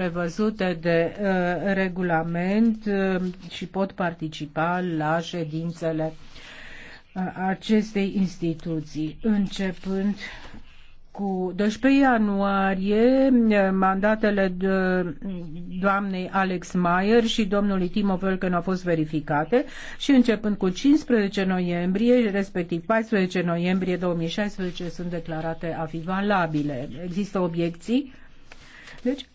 prevăzute de uh, regulament uh, și pot participa la ședințele uh, acestei instituții. Începând cu 12 ianuarie, uh, mandatele uh, doamnei Alex Mayer și domnului Timo Völken au fost verificate și începând cu 15 noiembrie, respectiv 14 noiembrie 2016, sunt declarate a fi valabile. Există obiecții? Deci,